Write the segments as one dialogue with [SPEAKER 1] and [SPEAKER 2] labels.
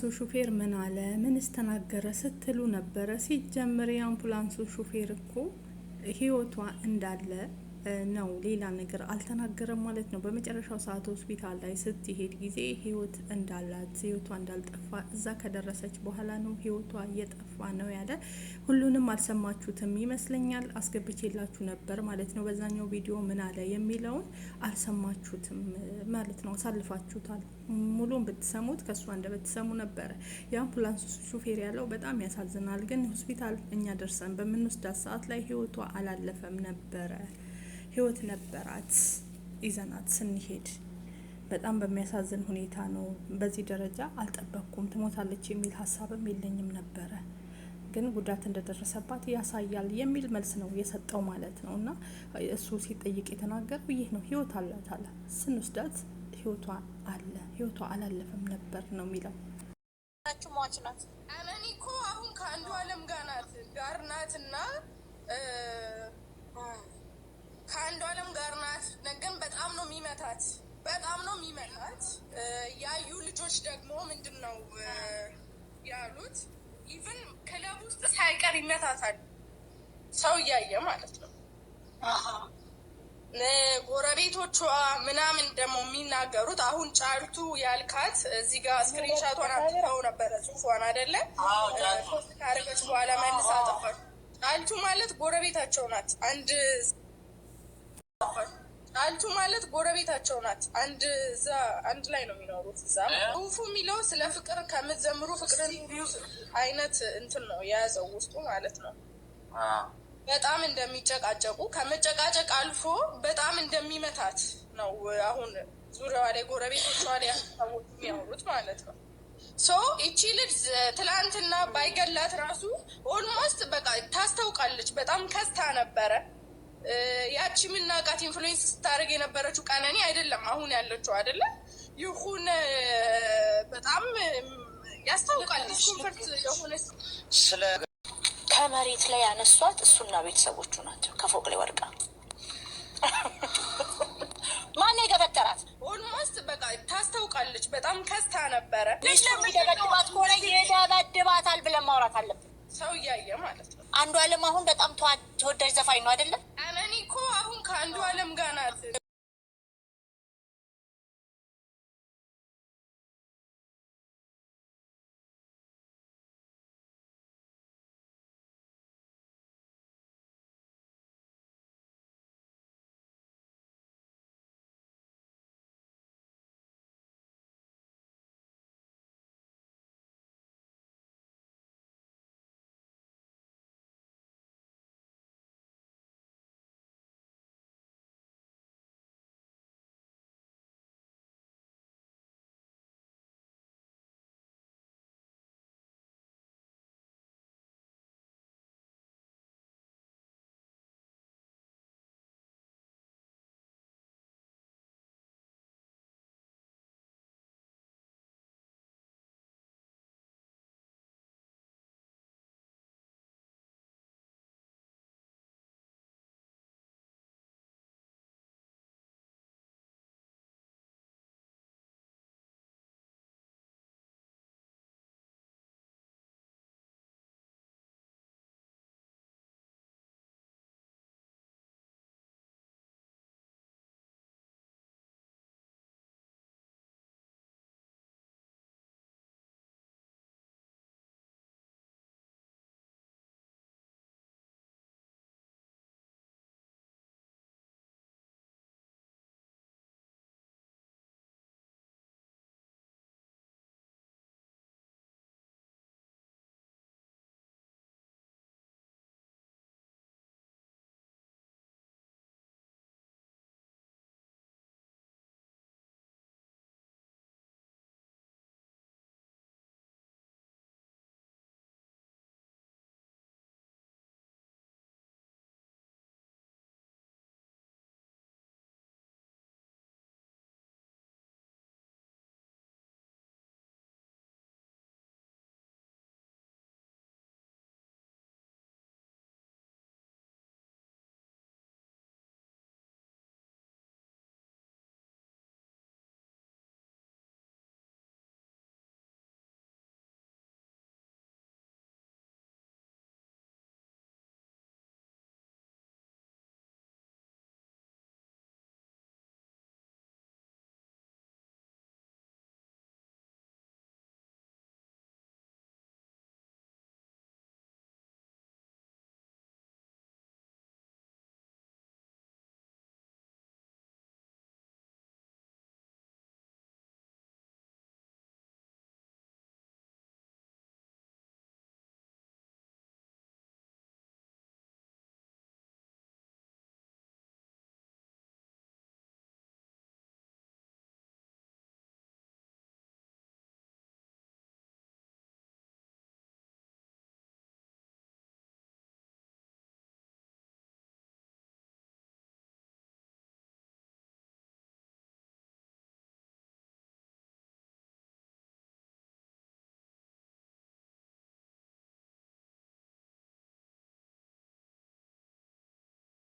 [SPEAKER 1] አምቡላንሱ ሹፌር ምን አለ ምን ስተናገረ ስትሉ ነበረ። ሲጀምር የአምቡላንሱ ሹፌር እኮ ህይወቷ እንዳለ ነው። ሌላ ነገር አልተናገረም ማለት ነው። በመጨረሻው ሰዓት ሆስፒታል ላይ ስትሄድ ጊዜ ህይወት እንዳላት ህይወቷ እንዳልጠፋ እዛ ከደረሰች በኋላ ነው ህይወቷ እየጠፋ ነው ያለ። ሁሉንም አልሰማችሁትም ይመስለኛል። አስገብቼላችሁ ነበር ማለት ነው። በዛኛው ቪዲዮ ምን አለ የሚለውን አልሰማችሁትም ማለት ነው። አሳልፋችሁታል። ሙሉን ብትሰሙት ከእሷ አንደ ብትሰሙ ነበረ። የአምቡላንስ ሹፌር ያለው በጣም ያሳዝናል። ግን ሆስፒታል እኛ ደርሰን በምንወስዳት ሰዓት ላይ ህይወቷ አላለፈም ነበረ። ህይወት ነበራት ይዘናት ስንሄድ። በጣም በሚያሳዝን ሁኔታ ነው። በዚህ ደረጃ አልጠበቅኩም። ትሞታለች የሚል ሀሳብም የለኝም ነበረ፣ ግን ጉዳት እንደደረሰባት ያሳያል የሚል መልስ ነው የሰጠው ማለት ነው። እና እሱ ሲጠይቅ የተናገረው ይህ ነው። ህይወት አላት አለ። ስንወስዳት ህይወቷ አለ፣ ህይወቷ አላለፈም ነበር ነው የሚለው።
[SPEAKER 2] ሟች ናት። እኔ እኮ አሁን ከአንዱ አለም ጋር ናት ጋር ናት እና ከአንዱ አለም ጋር ናት። ግን በጣም ነው የሚመታት፣ በጣም ነው የሚመታት። ያዩ ልጆች ደግሞ ምንድን ነው ያሉት? ኢቨን ክለብ ውስጥ ሳይቀር ይመታታል፣ ሰው እያየ ማለት ነው። ጎረቤቶቿ ምናምን ደግሞ የሚናገሩት አሁን ጫልቱ ያልካት እዚህ ጋር ስክሪንሻቷን አትተው ነበረ ጽሁፏን አደለ ካረገች በኋላ መልስ አጠፋ ጫልቱ ማለት ጎረቤታቸው ናት አንድ አልቱ ማለት ጎረቤታቸው ናት። አንድ እዛ አንድ ላይ ነው የሚኖሩት። እዛ ጽሁፉ የሚለው ስለ ፍቅር ከምትዘምሩ ፍቅርን አይነት እንትን ነው የያዘው ውስጡ ማለት ነው። በጣም እንደሚጨቃጨቁ ከመጨቃጨቅ አልፎ በጣም እንደሚመታት ነው። አሁን ዙሪያዋ ላይ ጎረቤቶቿ ላይ ሰዎች የሚያወሩት ማለት ነው። ሶ ይቺ ልጅ ትላንትና ባይገላት ራሱ ኦልሞስት በቃ ታስታውቃለች። በጣም ከስታ ነበረ ያቺ ምናቃት ኢንፍሉዌንስ ስታደርግ የነበረችው ቀነኒ አይደለም አሁን ያለችው አይደለም። ይሁን በጣም ያስታውቃል። ዲስኮንፈርት የሆነ ስለ
[SPEAKER 3] ከመሬት ላይ ያነሷት እሱና ቤተሰቦቹ ናቸው። ከፎቅ ላይ ወድቃ ማን የገፈተራት?
[SPEAKER 2] ኦልሞስት በቃ ታስታውቃለች። በጣም ከስታ ነበረ።
[SPEAKER 3] ደበድባት ከሆነ የደበድባታል ብለን ማውራት አለብን።
[SPEAKER 2] ሰው እያየ ማለት ነው።
[SPEAKER 3] አንዷለም አሁን በጣም ተወዳጅ ዘፋኝ ነው አይደለም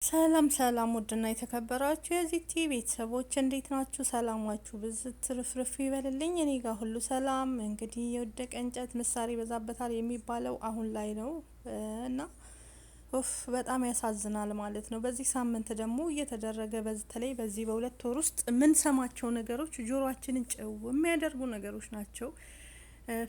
[SPEAKER 1] ሰላም ሰላም ውድና የተከበራችሁ ቲቪ ቤተሰቦች እንዴት ናችሁ? ሰላማችሁ ብዙ ትርፍርፍ ይበልልኝ። እኔ ጋር ሁሉ ሰላም። እንግዲህ የወደቀ እንጨት ምሳር ይበዛበታል የሚባለው አሁን ላይ ነው እና ኡፍ በጣም ያሳዝናል ማለት ነው። በዚህ ሳምንት ደግሞ እየተደረገ በተለይ በዚህ በሁለት ወር ውስጥ የምንሰማቸው ነገሮች ጆሮአችንን ጨው የሚያደርጉ ነገሮች ናቸው።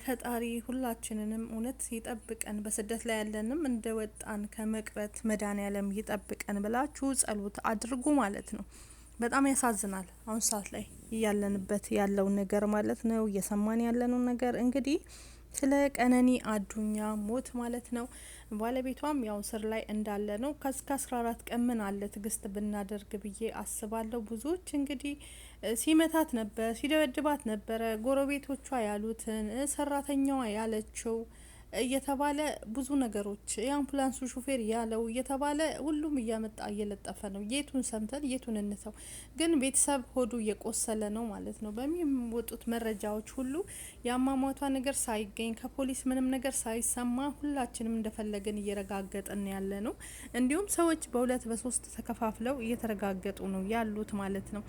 [SPEAKER 1] ፈጣሪ ሁላችንንም እውነት ይጠብቀን፣ በስደት ላይ ያለንም እንደ ወጣን ከመቅረት መድኃኔዓለም ይጠብቀን ብላችሁ ጸሎት አድርጉ ማለት ነው። በጣም ያሳዝናል። አሁን ሰዓት ላይ እያለንበት ያለውን ነገር ማለት ነው እየሰማን ያለነው ነገር እንግዲህ ስለ ቀነኒ አዱኛ ሞት ማለት ነው። ባለቤቷም ያው ስር ላይ እንዳለ ነው። ከእስከ አስራ አራት ቀን ምን አለ ትግስት ብናደርግ ብዬ አስባለሁ። ብዙዎች እንግዲህ ሲመታት ነበር፣ ሲደበድባት ነበረ፣ ጎረቤቶቿ ያሉትን፣ ሰራተኛዋ ያለችው እየተባለ ብዙ ነገሮች የአምቡላንሱ ሹፌር ያለው እየተባለ ሁሉም እያመጣ እየለጠፈ ነው። የቱን ሰምተን የቱን እንተው? ግን ቤተሰብ ሆዱ እየቆሰለ ነው ማለት ነው። በሚወጡት መረጃዎች ሁሉ የአሟሟቷ ነገር ሳይገኝ ከፖሊስ ምንም ነገር ሳይሰማ ሁላችንም እንደፈለግን እየረጋገጥን ያለ ነው። እንዲሁም ሰዎች በሁለት በሶስት ተከፋፍለው እየተረጋገጡ ነው ያሉት ማለት ነው።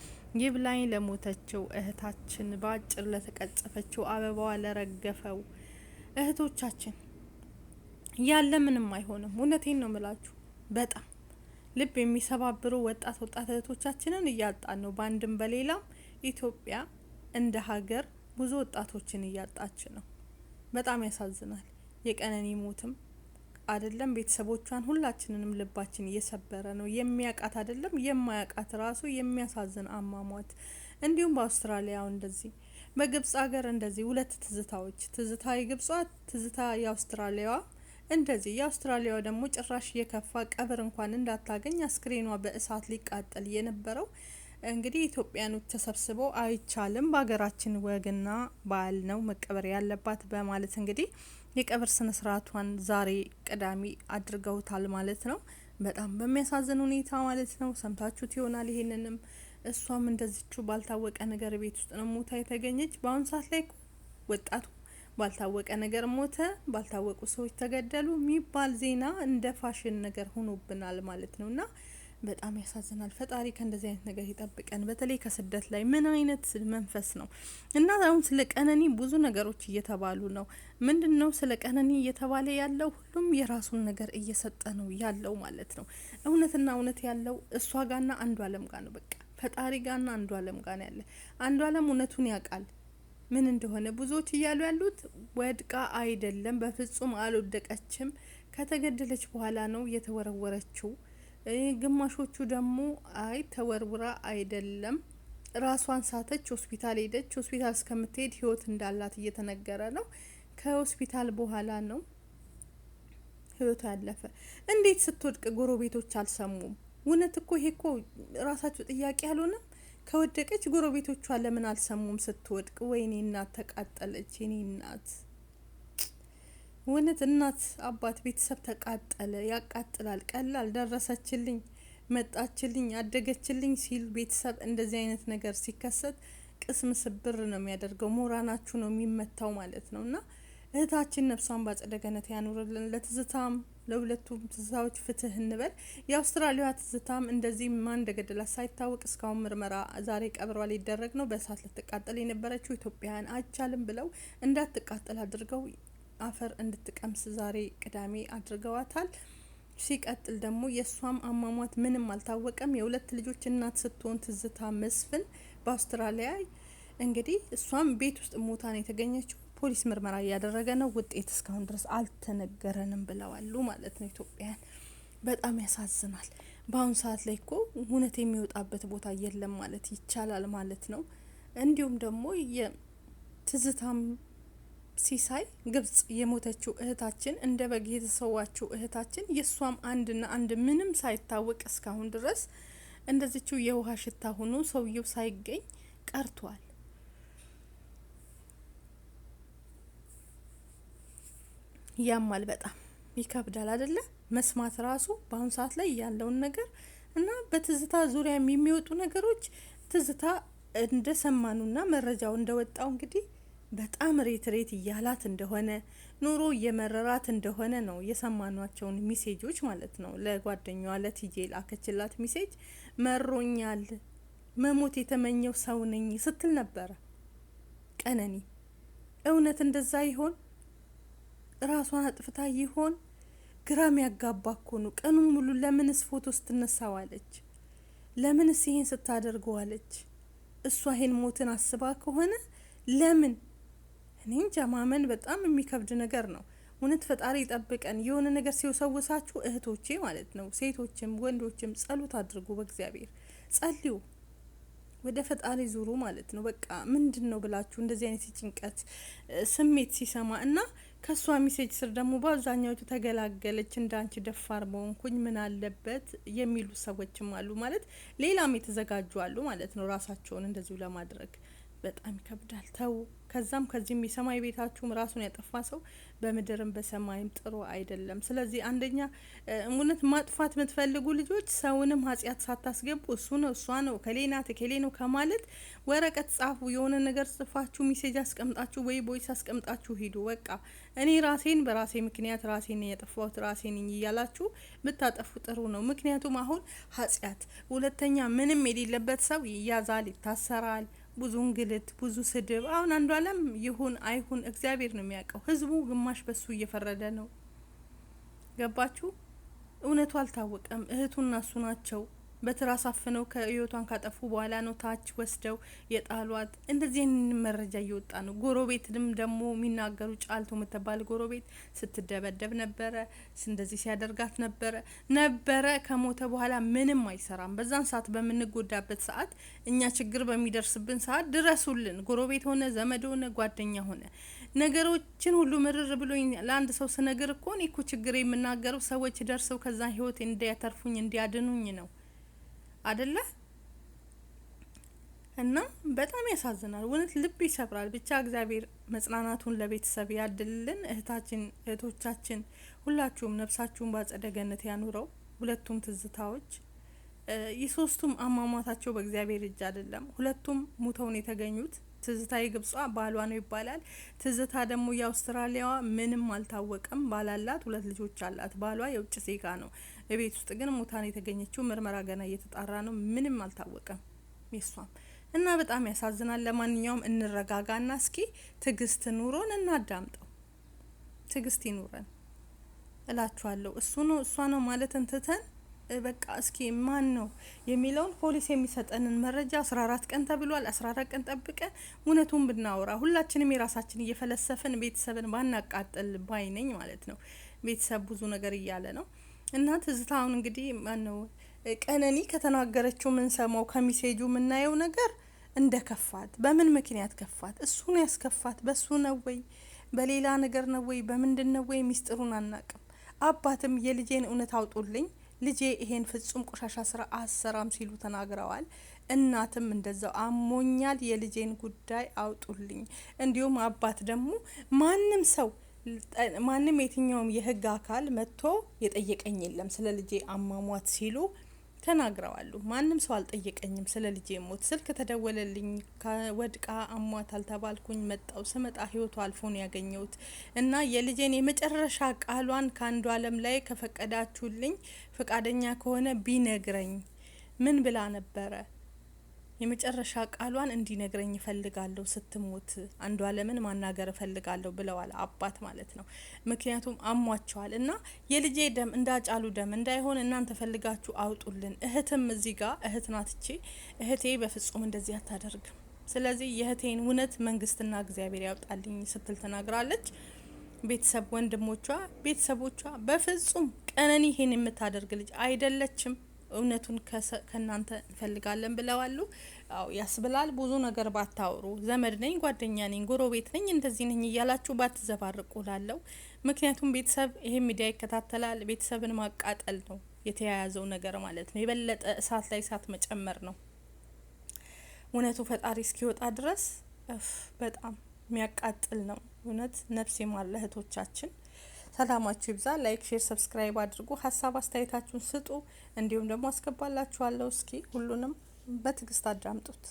[SPEAKER 1] ይብላኝ ለሞተችው እህታችን፣ በአጭር ለተቀጸፈችው አበባዋ፣ ለረገፈው እህቶቻችን ያለ ምንም አይሆንም። እውነቴን ነው ምላችሁ በጣም ልብ የሚሰባብሩ ወጣት ወጣት እህቶቻችንን እያጣን ነው። በአንድም በሌላም ኢትዮጵያ እንደ ሀገር ብዙ ወጣቶችን እያጣች ነው። በጣም ያሳዝናል። የቀነኒ ሞትም አይደለም ቤተሰቦቿን ሁላችንንም ልባችን እየሰበረ ነው። የሚያቃት አይደለም የማያቃት ራሱ የሚያሳዝን አሟሟት። እንዲሁም በአውስትራሊያው እንደዚህ በግብጽ ሀገር እንደዚህ ሁለት ትዝታዎች ትዝታ የግብጿ ትዝታ የአውስትራሊያዋ እንደዚህ የአውስትራሊያዋ ደግሞ ጭራሽ የከፋ ቀብር እንኳን እንዳታገኝ አስክሬኗ በእሳት ሊቃጠል የነበረው እንግዲህ ኢትዮጵያኖች ተሰብስበው አይቻልም፣ በሀገራችን ወግና ባህል ነው መቀበር ያለባት በማለት እንግዲህ የቀብር ስነ ስርዓቷን ዛሬ ቅዳሜ አድርገውታል ማለት ነው። በጣም በሚያሳዝን ሁኔታ ማለት ነው። ሰምታችሁት ይሆናል ይሄንንም እሷም እንደዚችው ባልታወቀ ነገር ቤት ውስጥ ነው ሞታ የተገኘች። በአሁኑ ሰዓት ላይ ወጣቱ ባልታወቀ ነገር ሞተ፣ ባልታወቁ ሰዎች ተገደሉ የሚባል ዜና እንደ ፋሽን ነገር ሆኖብናል ማለት ነው እና በጣም ያሳዝናል። ፈጣሪ ከእንደዚህ አይነት ነገር ይጠብቀን። በተለይ ከስደት ላይ ምን አይነት መንፈስ ነው እና አሁን ስለ ቀነኒ ብዙ ነገሮች እየተባሉ ነው። ምንድን ነው ስለ ቀነኒ እየተባለ ያለው? ሁሉም የራሱን ነገር እየሰጠ ነው ያለው ማለት ነው። እውነትና እውነት ያለው እሷ ጋና አንዱ አለም ጋር ነው በቃ ፈጣሪ ጋርና አንዱ አለም ጋር ያለ። አንዱ አለም እውነቱን ያውቃል ምን እንደሆነ። ብዙዎች እያሉ ያሉት ወድቃ አይደለም፣ በፍጹም አልወደቀችም። ከተገደለች በኋላ ነው የተወረወረችው። ግማሾቹ ደግሞ አይ ተወርውራ አይደለም፣ ራሷን ሳተች፣ ሆስፒታል ሄደች። ሆስፒታል እስከምትሄድ ህይወት እንዳላት እየተነገረ ነው። ከሆስፒታል በኋላ ነው ህይወቷ ያለፈ። እንዴት ስትወድቅ ጎረቤቶች አልሰሙም? እውነት እኮ ይሄ እኮ ራሳቸው ጥያቄ አልሆነም። ከወደቀች ጎረቤቶቿ ለምን አልሰሙም ስትወድቅ? ወይኔ እናት ተቃጠለች። የኔ እናት እውነት እናት፣ አባት፣ ቤተሰብ ተቃጠለ። ያቃጥላል። ቀላል ደረሰችልኝ፣ መጣችልኝ፣ አደገችልኝ ሲሉ ቤተሰብ እንደዚህ አይነት ነገር ሲከሰት ቅስም ስብር ነው የሚያደርገው። ሞራናችሁ ነው የሚመታው ማለት ነው። እና እህታችን ነፍሷን በአጸደ ገነት ያኑርልን። ለትዝታም ለሁለቱም ትዝታዎች ፍትህ እንበል። የአውስትራሊያ ትዝታም እንደዚህ ማን እንደገደላት ሳይታወቅ እስካሁን ምርመራ ዛሬ ቀብሯ ሊደረግ ነው። በእሳት ልትቃጠል የነበረችው ኢትዮጵያውያን አይቻልም ብለው እንዳትቃጠል አድርገው አፈር እንድትቀምስ ዛሬ ቅዳሜ አድርገዋታል። ሲቀጥል ደግሞ የእሷም አሟሟት ምንም አልታወቀም። የሁለት ልጆች እናት ስትሆን ትዝታ መስፍን በአውስትራሊያ እንግዲህ እሷም ቤት ውስጥ ሞታ ነው የተገኘችው። ፖሊስ ምርመራ እያደረገ ነው፣ ውጤት እስካሁን ድረስ አልተነገረንም ብለዋሉ ማለት ነው። ኢትዮጵያን በጣም ያሳዝናል። በአሁኑ ሰዓት ላይ እኮ እውነት የሚወጣበት ቦታ የለም ማለት ይቻላል ማለት ነው። እንዲሁም ደግሞ የትዝታም ሲሳይ ግብጽ የሞተችው እህታችን እንደ በግ የተሰዋችው እህታችን የእሷም አንድና አንድ ምንም ሳይታወቅ እስካሁን ድረስ እንደዚችው የውሃ ሽታ ሆኖ ሰውየው ሳይገኝ ቀርቷል። ያማል፣ በጣም ይከብዳል አይደለ? መስማት ራሱ በአሁኑ ሰዓት ላይ ያለውን ነገር እና በትዝታ ዙሪያ የሚወጡ ነገሮች ትዝታ እንደሰማኑና መረጃው እንደወጣው እንግዲህ በጣም ሬት ሬት እያላት እንደሆነ ኑሮ እየመረራት እንደሆነ ነው የሰማኗቸውን ሚሴጆች ማለት ነው። ለጓደኛዋ ለትዬ ላከችላት ሚሴጅ መሮኛል፣ መሞት የተመኘው ሰው ነኝ ስትል ነበረ ቀነኒ። እውነት እንደዛ ይሆን? ራሷን አጥፍታ ይሆን? ግራም ያጋባ እኮ ነው። ቀኑን ሙሉ ለምንስ ፎቶ ስትነሳዋለች? ለምንስ ይሄን ስታደርገዋለች? እሷ ይሄን ሞትን አስባ ከሆነ ለምን? እኔ እንጃ። ማመን በጣም የሚከብድ ነገር ነው። እውነት ፈጣሪ ይጠብቀን። የሆነ ነገር ሲወሰውሳችሁ እህቶቼ ማለት ነው፣ ሴቶችም ወንዶችም ጸሎት አድርጉ። በእግዚአብሔር ጸልዩ፣ ወደ ፈጣሪ ዙሩ ማለት ነው። በቃ ምንድን ነው ብላችሁ እንደዚህ አይነት የጭንቀት ስሜት ሲሰማ እና ከእሷ ሚሴጅ ስር ደግሞ በአብዛኛዎቹ ተገላገለች፣ እንዳንቺ ደፋር መሆንኩኝ ምን አለበት የሚሉ ሰዎችም አሉ። ማለት ሌላም የተዘጋጁ አሉ ማለት ነው ራሳቸውን እንደዚሁ ለማድረግ በጣም ይከብዳል። ተው ከዛም ከዚህ የሰማይ ቤታችሁም ራሱን ያጠፋ ሰው በምድርም በሰማይም ጥሩ አይደለም። ስለዚህ አንደኛ እውነት ማጥፋት የምትፈልጉ ልጆች ሰውንም ኃጢአት ሳታስገቡ እሱ ነው እሷ ነው እከሌ ናት ነው ከማለት ወረቀት ጻፉ። የሆነ ነገር ጽፋችሁ ሚሴጅ አስቀምጣችሁ ወይ ቦይስ አስቀምጣችሁ ሂዱ። በቃ እኔ ራሴን በራሴ ምክንያት ራሴን ያጠፋሁት ራሴን እያላችሁ ብታጠፉ ጥሩ ነው። ምክንያቱም አሁን ኃጢአት ሁለተኛ ምንም የሌለበት ሰው ይያዛል፣ ይታሰራል ብዙ እንግልት፣ ብዙ ስድብ። አሁን አንዱ አለም ይሁን አይሁን እግዚአብሔር ነው የሚያውቀው። ህዝቡ ግማሽ በሱ እየፈረደ ነው። ገባችሁ? እውነቱ አልታወቀም። እህቱና እሱ ናቸው። በትራስ አፍነው ከህይወቷን ካጠፉ በኋላ ነው ታች ወስደው የጣሏት። እንደዚህ መረጃ እየወጣ ነው። ጎረቤትም ደግሞ የሚናገሩ ጫልቶ የምትባል ጎረቤት ስትደበደብ ነበረ፣ እንደዚህ ሲያደርጋት ነበረ ነበረ። ከሞተ በኋላ ምንም አይሰራም። በዛን ሰዓት በምንጎዳበት ሰዓት፣ እኛ ችግር በሚደርስብን ሰዓት ድረሱልን። ጎረቤት ሆነ ዘመድ ሆነ ጓደኛ ሆነ ነገሮችን ሁሉ ምርር ብሎ ለአንድ ሰው ስነግር እኮ እኔ እኮ ችግር የምናገረው ሰዎች ደርሰው ከዛ ህይወት እንዲያተርፉኝ እንዲያድኑኝ ነው አደለ እና በጣም ያሳዝናል። እውነት ልብ ይሰብራል። ብቻ እግዚአብሔር መጽናናቱን ለቤተሰብ ያድልልን። እህታችን እህቶቻችን ሁላችሁም ነፍሳችሁን ባጸደ ገነት ያኑረው። ሁለቱም ትዝታዎች የሶስቱም አሟሟታቸው በእግዚአብሔር እጅ አይደለም። ሁለቱም ሙተውን የተገኙት ትዝታ የግብጿ ባሏ ነው ይባላል። ትዝታ ደግሞ የአውስትራሊያዋ ምንም አልታወቀም ባላላት ሁለት ልጆች አላት። ባሏ የውጭ ዜጋ ነው። እቤት ውስጥ ግን ሙታን የተገኘችው ምርመራ ገና እየተጣራ ነው። ምንም አልታወቀም የሷም እና በጣም ያሳዝናል። ለማንኛውም እንረጋጋና እስኪ ትግስት ኑሮን እናዳምጠው። ትግስት ይኑረን እላችኋለሁ። እሱ ነው እሷ ነው ማለት እንትተን በቃ እስኪ ማን ነው የሚለውን ፖሊስ የሚሰጠንን መረጃ አስራ አራት ቀን ተብሏል። አስራ አራት ቀን ጠብቀን እውነቱን ብናወራ ሁላችንም የራሳችን እየፈለሰፍን ቤተሰብን ባናቃጠል ባይነኝ ማለት ነው። ቤተሰብ ብዙ ነገር እያለ ነው እና ትዝታውን እንግዲህ ማን ነው ቀነኒ ከተናገረችው ምንሰማው ከሚሴጁ የምናየው ነገር እንደ ከፋት በምን ምክንያት ከፋት? እሱን ያስከፋት በሱ ነው ወይ በሌላ ነገር ነው ወይ በምንድን ነው ወይ? ሚስጥሩን አናቅም። አባትም የልጄን እውነት አውጡልኝ ልጄ ይሄን ፍጹም ቆሻሻ ስራ አሰራም ሲሉ ተናግረዋል። እናትም እንደዛው አሞኛል፣ የልጄን ጉዳይ አውጡልኝ። እንዲሁም አባት ደግሞ ማንም ሰው ማንም የትኛውም የህግ አካል መጥቶ የጠየቀኝ የለም ስለ ልጄ አሟሟት ሲሉ ተናግረዋሉ። ማንም ሰው አልጠየቀኝም ስለ ልጄ ሞት። ስልክ ተደወለልኝ። ወድቃ አሟት አልተባልኩኝ መጣው ስመጣ ህይወቱ አልፎ ነው ያገኘሁት እና የልጄን የመጨረሻ ቃሏን ከአንዱ አለም ላይ ከፈቀዳችሁልኝ፣ ፈቃደኛ ከሆነ ቢነግረኝ ምን ብላ ነበረ የመጨረሻ ቃሏን እንዲነግረኝ እፈልጋለሁ ስትሞት አንዷለምን ማናገር እፈልጋለሁ ብለዋል አባት ማለት ነው። ምክንያቱም አሟቸዋል እና የልጄ ደም እንዳጫሉ ደም እንዳይሆን እናንተ ፈልጋችሁ አውጡልን። እህትም እዚህ ጋር እህት ናትቼ እህቴ በፍጹም እንደዚህ አታደርግም። ስለዚህ የእህቴን እውነት መንግስትና እግዚአብሔር ያውጣልኝ ስትል ተናግራለች። ቤተሰብ ወንድሞቿ፣ ቤተሰቦቿ በፍጹም ቀነኒ ይሄን የምታደርግ ልጅ አይደለችም እውነቱን ከእናንተ እንፈልጋለን ብለዋሉ። ው ያስብላል። ብዙ ነገር ባታወሩ፣ ዘመድ ነኝ፣ ጓደኛ ነኝ፣ ጎረቤት ነኝ፣ እንደዚህ ነኝ እያላችሁ ባትዘባርቁ ላለው ምክንያቱም ቤተሰብ ይሄን ሚዲያ ይከታተላል። ቤተሰብን ማቃጠል ነው የተያያዘው ነገር ማለት ነው። የበለጠ እሳት ላይ እሳት መጨመር ነው። እውነቱ ፈጣሪ እስኪወጣ ድረስ በጣም የሚያቃጥል ነው። እውነት ነፍስ የማለ እህቶቻችን ሰላማችሁ ይብዛ። ላይክ፣ ሼር፣ ሰብስክራይብ አድርጉ። ሀሳብ አስተያየታችሁን ስጡ። እንዲሁም ደግሞ አስገባላችኋለሁ። እስኪ ሁሉንም በትዕግስት አዳምጡት።